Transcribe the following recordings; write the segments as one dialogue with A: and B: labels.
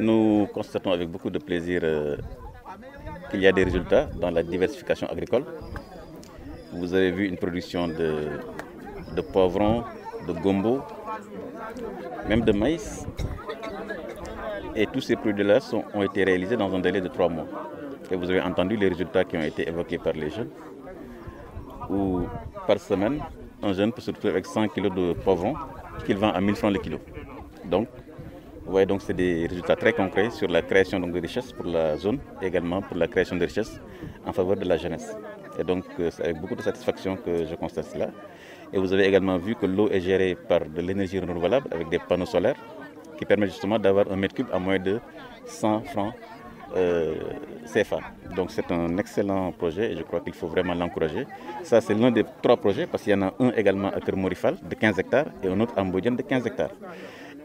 A: Nous constatons avec beaucoup de plaisir euh, qu'il y a des résultats dans la diversification agricole. Vous avez vu une production de, de poivrons, de gombo, même de maïs. Et tous ces produits-là ont été réalisés dans un délai de trois mois. Et vous avez entendu les résultats qui ont été évoqués par les jeunes, où par semaine, un jeune peut se retrouver avec 100 kg de poivrons qu'il vend à 1000 francs le kilo. Vous voyez donc c'est des résultats très concrets sur la création de richesses pour la zone, également pour la création de richesses en faveur de la jeunesse. Et donc euh, c'est avec beaucoup de satisfaction que je constate cela. Et vous avez également vu que l'eau est gérée par de l'énergie renouvelable avec des panneaux solaires qui permettent justement d'avoir un mètre cube à moins de 100 francs euh, CFA. Donc c'est un excellent projet et je crois qu'il faut vraiment l'encourager. Ça c'est l'un des trois projets parce qu'il y en a un également à Thermorifal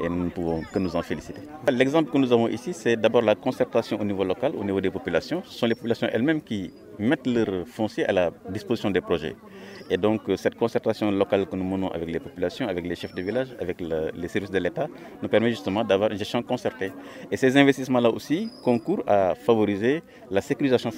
A: et nous ne pouvons que nous en féliciter. L'exemple que nous avons ici, c'est d'abord la concertation au niveau local, au niveau des populations. sont les populations elles-mêmes qui mettent leur foncier à la disposition des projets. Et donc euh, cette concertation locale que nous menons avec les populations, avec les chefs de village, avec le, les services de l'État, nous permet justement d'avoir une gestion concertée. Et ces investissements-là aussi concourent à favoriser la sécurisation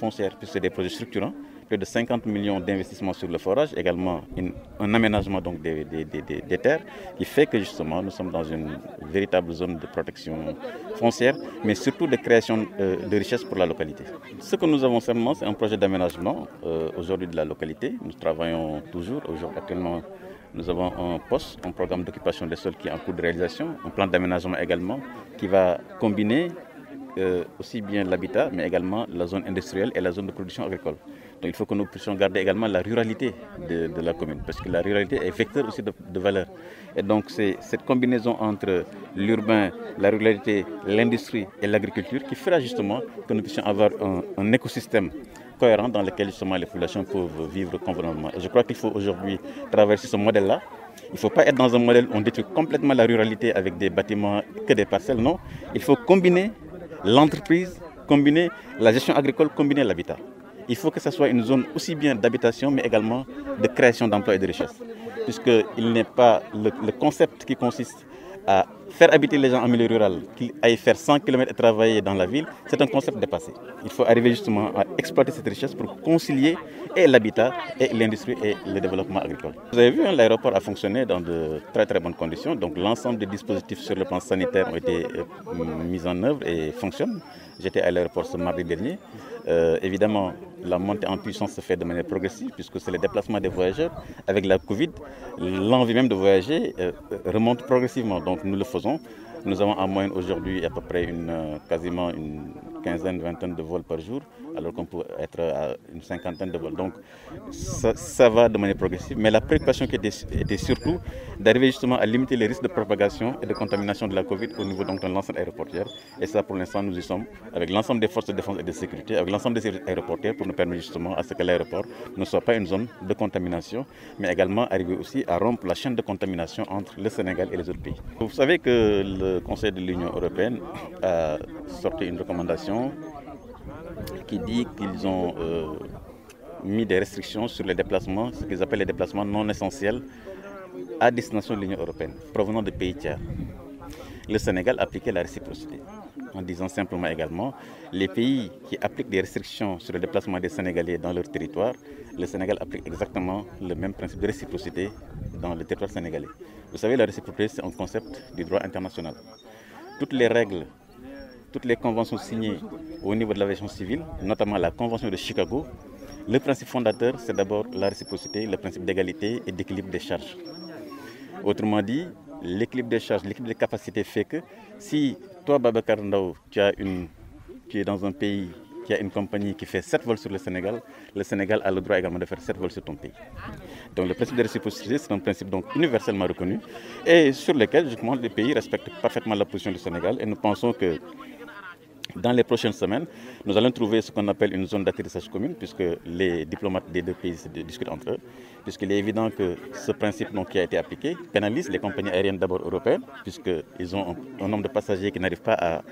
A: plus de 50 millions d'investissements sur le forage, également une, un aménagement donc des, des, terres, qui fait que nous sommes dans une véritable zone de protection foncière, mais surtout de création euh, de richesses pour la localité. Ce que nous avons seulement, un projet d'aménagement euh, de la localité. Nous travaillons toujours, aujourd'hui actuellement nous avons un poste, un programme d'occupation des sols qui est en cours de réalisation, un plan d'aménagement également qui va combiner euh, aussi bien l'habitat Donc il faut que nous puissions garder la ruralité de, la commune, parce que la ruralité est vecteur aussi de, de valeur. Et donc cette combinaison entre l'urbain, la ruralité, l'industrie et l'agriculture qui fera justement que nous puissions avoir un, un écosystème cohérent dans lequel justement les populations peuvent vivre convenablement. Et je crois qu'il faut aujourd'hui traverser ce modèle-là il faut pas être dans un modèle on détruit complètement la ruralité avec que des parcelles, non. Il faut combiner l'entreprise, combiner la gestion agricole, combiner l'habitat. il faut que ce soit une zone aussi bien d'habitation, mais également de création d'emplois et de richesses. Puisqu'il n'est pas le, le concept qui consiste à Faire habiter les gens en milieu rural, qu'ils aillent faire 100 km dans la ville, c'est un concept dépassé. Il faut arriver à exploiter cette richesse pour concilier et l'habitat, et l'industrie, et le développement agricole. Vous avez vu, l'aéroport a fonctionné dans de très bonnes conditions. Donc l'ensemble des dispositifs sur le plan sanitaire ont été euh, en œuvre et fonctionnent. J'étais à l'aéroport ce mardi dernier. Euh, évidemment, la montée en puissance faisons. Nous avons en moyenne aujourd'hui à peu près une, euh, quasiment une quinzaine, par jour, alors qu'on peut être une cinquantaine de vols. Donc ça, ça va de manière progressive, mais la préoccupation qui était, surtout d'arriver à limiter les risques de propagation et de contamination de la COVID au niveau donc, l'ensemble aéroportière. Et ça, pour l'instant, nous y sommes avec l'ensemble des forces de défense et de sécurité, avec l'ensemble des services pas une zone de contamination, mais également aussi à rompre la information qui dit qu'ils ont euh, mis des restrictions sur les déplacements, ce qu'ils appellent les déplacements non essentiels à destination de l'Union européenne, provenant de pays tiers. Le Sénégal appliquait la réciprocité, en disant simplement également, les pays qui appliquent des restrictions sur le déplacement des Sénégalais dans leur territoire, le Sénégal applique exactement le même principe de réciprocité dans le territoire sénégalais. Vous savez, la réciprocité, c'est un concept du droit international. Toutes les règles toutes les conventions signées au niveau de l'aviation civile, notamment la Convention de Chicago, le principe fondateur, c'est d'abord la réciprocité, le principe d'égalité et d'équilibre des charges. Autrement dit, l'équilibre des charges, l'équilibre des capacités fait que si toi, Babacar Ndao, tu, as une, dans un pays qui a une compagnie qui fait 7 vols sur le Sénégal, le Sénégal a le droit également de faire 7 vols sur ton pays. Donc le principe de réciprocité, c'est un principe Dans les prochaines semaines, nous allons trouver ce qu'on appelle une zone d'atterrissage commune, puisque les diplomates des deux pays discutent entre eux. puisqu'il est évident que ce principe pénalise d'abord européennes, puisqu'ils ont un, nombre de passagers qui n'arrivent pas à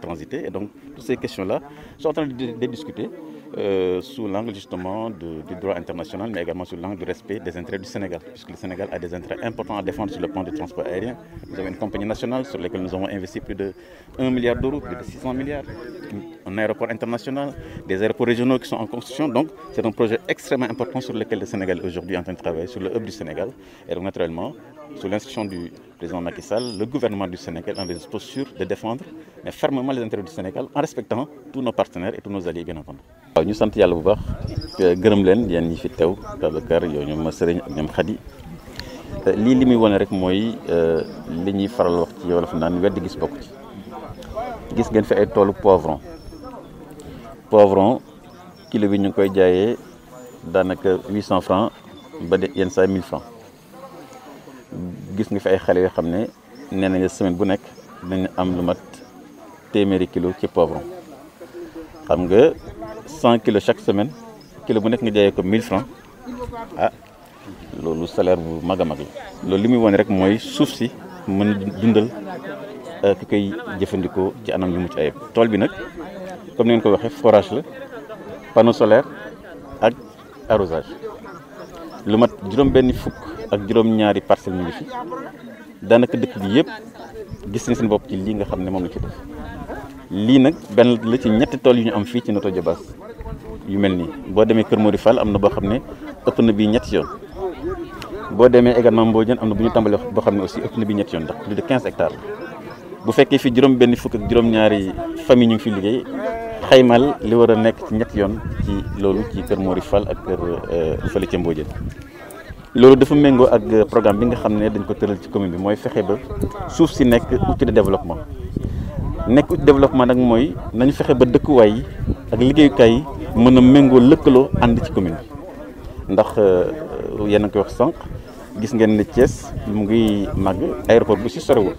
A: transiter. Et donc, toutes ces questions-là sont en train de, discuter euh, l'angle du droit international, mais également sous l'angle du respect des intérêts du Sénégal, puisque le Sénégal a des intérêts importants à défendre sur le plan du transport aérien. Nous avons une compagnie nationale sur laquelle nous avons investi aujourd'hui en train de travailler sur le hub du Sénégal. Et donc naturellement, sous l'instruction du président Macky le gouvernement du Sénégal a des postures de défendre mais fermement les intérêts du Sénégal en respectant tous nos partenaires et tous nos alliés bien entendu. waaw ñu sant yàlla bu baax euh, gërëm leen yéen ñi fi teew Babacar yow ñoom ma sëriñ ak ñoom Khady euh, lii li muy wane rek mooy euh, li ñuy faral wax ci wolof naan wedd ba de yenn saa mille francs gis nga fi ay xale yoo xam ne nee nañu semaine bu nekk dinañu am lu mat téeméeri kilo ci poivron xam nga cent kilo chaque semaine kilo bu nekk nga jaayee ko 1000 francs ah loolu solaire bu mag a mag la loolu li muy wane rek mooy suuf si mën dundal euh, ki koy jëfandikoo ci anam yu mucc ayib tool bi nag comme ni ngeen ko waxee forage la panneau solaire ak arrosage lu mat juróom benn fukk ak juróom-ñaari parcelles ñu ngi fi daanaka dëkk bi yëpp gis nañ seen bopp ci lii nga xam ne moom la ci def lii nag benn la ci ñetti tool yu ñu am fii ci Notto Diobass yu mel nii boo demee Kër Mori Fall am na boo xam ne ëpp na bii ñetti yoon boo demee également Mbodiène am na bu ñu tàmbalee boo xam ne aussi ëpp na bii ñetti yoon ndax plus de 15 hectares bu fekkee fii juróom benn fukk ak juróom-ñaari famille ñu ngi fi liggéey xaymal li war a nekk ci ñett yoon ci loolu ci kër Mori Fall ak kër euh, fële ca Mbodiène loolu dafa méngoo ak programme bi nga xam ne dañ ko tëral ci commune bi mooy fexe ba suuf si nekk outil de développement nekk outil développement nag mooy nañu fexe ba dëkkuwaay yi ak liggéeyukaay yi mën a méngoo lëkkaloo ànd ci commune bi ndax euh, yéen a koy wax sànq gis ngeen ne Thiès mu ngi màgg aéroport bu si sorewul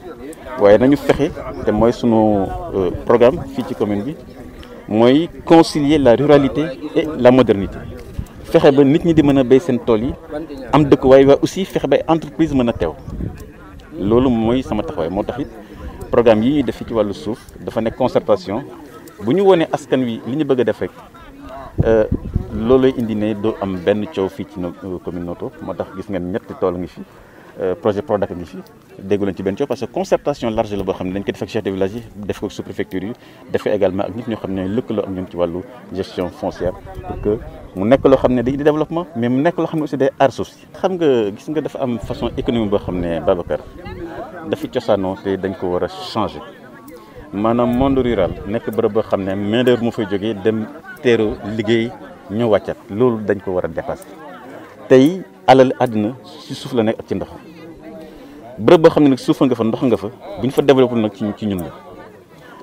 A: waaye nañu fexe te mooy sunu euh, programme fii ci commune bi mooy concilier la ruralité et la modernité fexe ba nit ñi di mën a bay seen tool yi am dëkkuwaay waaye aussi fexe bay entreprise mën a teew loolu mooy sama taxawaay moo taxit programme yi ñuy def ci wàllu suuf dafa nekk concertation bu ñu wonee askan wi li ñu bëgg a def rek euh, loolooy indi ne doo am benn coow fii ci commune Noto moo tax gis ngeen ñetti tool ngi fi Euh, projet Prodac ngi fi déggu leen ci benn coow parce que concertation large la boo xam ne dañ ko def ak chef de village yi def ko sous préfecture yi def ko également ak nit ñoo xam ne lëkkaloo ak ñoom ci wàllu gestion foncière pour que mu nekk loo xam ne day di développement mais mu nekk loo xam ne aussi day aar suuf si xam nga gis nga dafa am façon économique boo xam ne Babacar dafa cosaanoo te dañ ko war a changer maanaam monde rural nekk bërëb boo xam ne main d'œuvre moo fay jógee dem teeru liggéey ñoo wàccat loolu dañ ko war a dépasser alal àddina ci suuf la nekk ak ci ndox bërëb boo xam ne nag suuf nga fa ndox nga fa bu ñu fa développé nag ci ñun la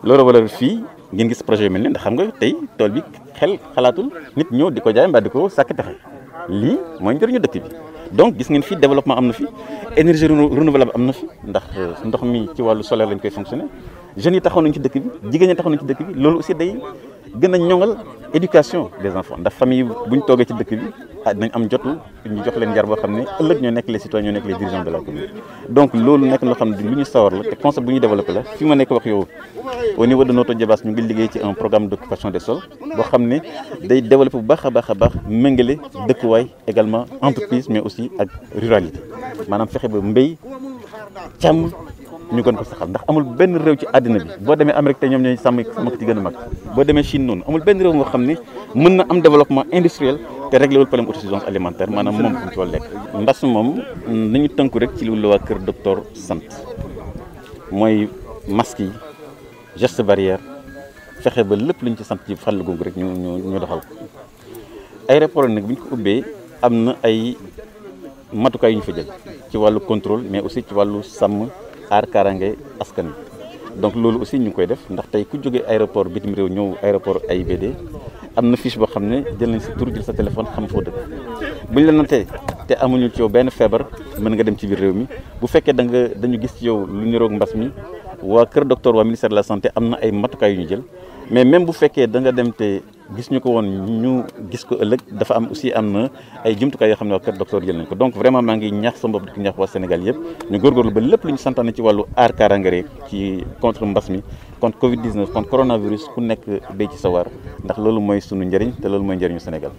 A: loolu wala fii ngeen gis projet yu mel ni ndax xam nga tey tool bi xel xalaatul nit ñëw di ko jaay mbaa di ko sàkk lii mooy njëriñu dëkk bi donc gis ngeen fii développement am na fi énergie renouvelable am na fi ndax euh, ndox mi ci wàllu solaire lañ koy fonctionner jeunes yi taxaw nañ ci dëkk bi jigéen ñi taxaw nañ ci dëkk bi loolu aussi gën a ñoŋal éducation des enfants ndax famille bu ñu toogee ci dëkk bi ah dinañ am jotu ñu jox leen yar boo xam ne ëllëg ñoo nekk les citoyens ñoo nekk les dirigeants de la commune donc loolu nekk loo xam ne lu ñu sawar la te concept bu ñu développé la fi ma nekk wax yow au niveau de Notto Diobass ñu ngi liggéey ci un programme d' occupation des sols boo xam ne day développé bu baax a baax a baax méngale dëkkuwaay également entreprise mais aussi ak ruralité maanaam fexe ba ñu gën ko saxal ndax amul benn réew ci àddina bi boo demee Amérique te ñoom ñooy sàmm sàmmkat yi gën a mag boo demee Chine noonu amul benn réew nga xam ne mën na am développement industriel te réglé wul problème autosuffisance alimentaire maanaam moom fu mu ci wàll lekk. mbas moom nañu tënku rek ci lu la waa kër docteur sant mooy masque yi geste barrière fexe ba lépp luñ ci sant ci fànn googu rek ñu ñu ñu doxal ko aéroport nag bi ñu ko ubbee am na ay matukaay yu ñu fa jël ci wàllu contrôle mais aussi ci wàllu sàmm. aar kaaraange askan bi donc loolu aussi ñu ngi koy def ndax tey ku jógee aéroport bitim réew ñëw ay AIBD am na fiche boo xam ne jël nañ sa tur jël sa téléphone xam foo dëkk bu ñu la natee te amuñu ci yow benn feebar mën nga dem ci biir réew mi bu fekkee da nga dañu gis ci yow lu niroog mbas mi waa kër docteur waa ministère de la santé am na ay matukaay yu ñu jël mais même bu fekkee da nga dem te gis ñu ko woon ñu gis ko ëllëg dafa am aussi am na ay jumtukaay yoo xam ne waa kër docteur jël nañ ko donc vraiment maa ngi ñaax sama bopp di ko ñaax waa Sénégal yëpp ñu góorgóorlu ba lépp lu ñu santaane ci wàllu aar kaaraange rek ci contre mbas mi contre Covid 19 contre coronavirus ku nekk béy ci sawar ndax loolu mooy sunu njëriñ te loolu mooy njëriñu Sénégal.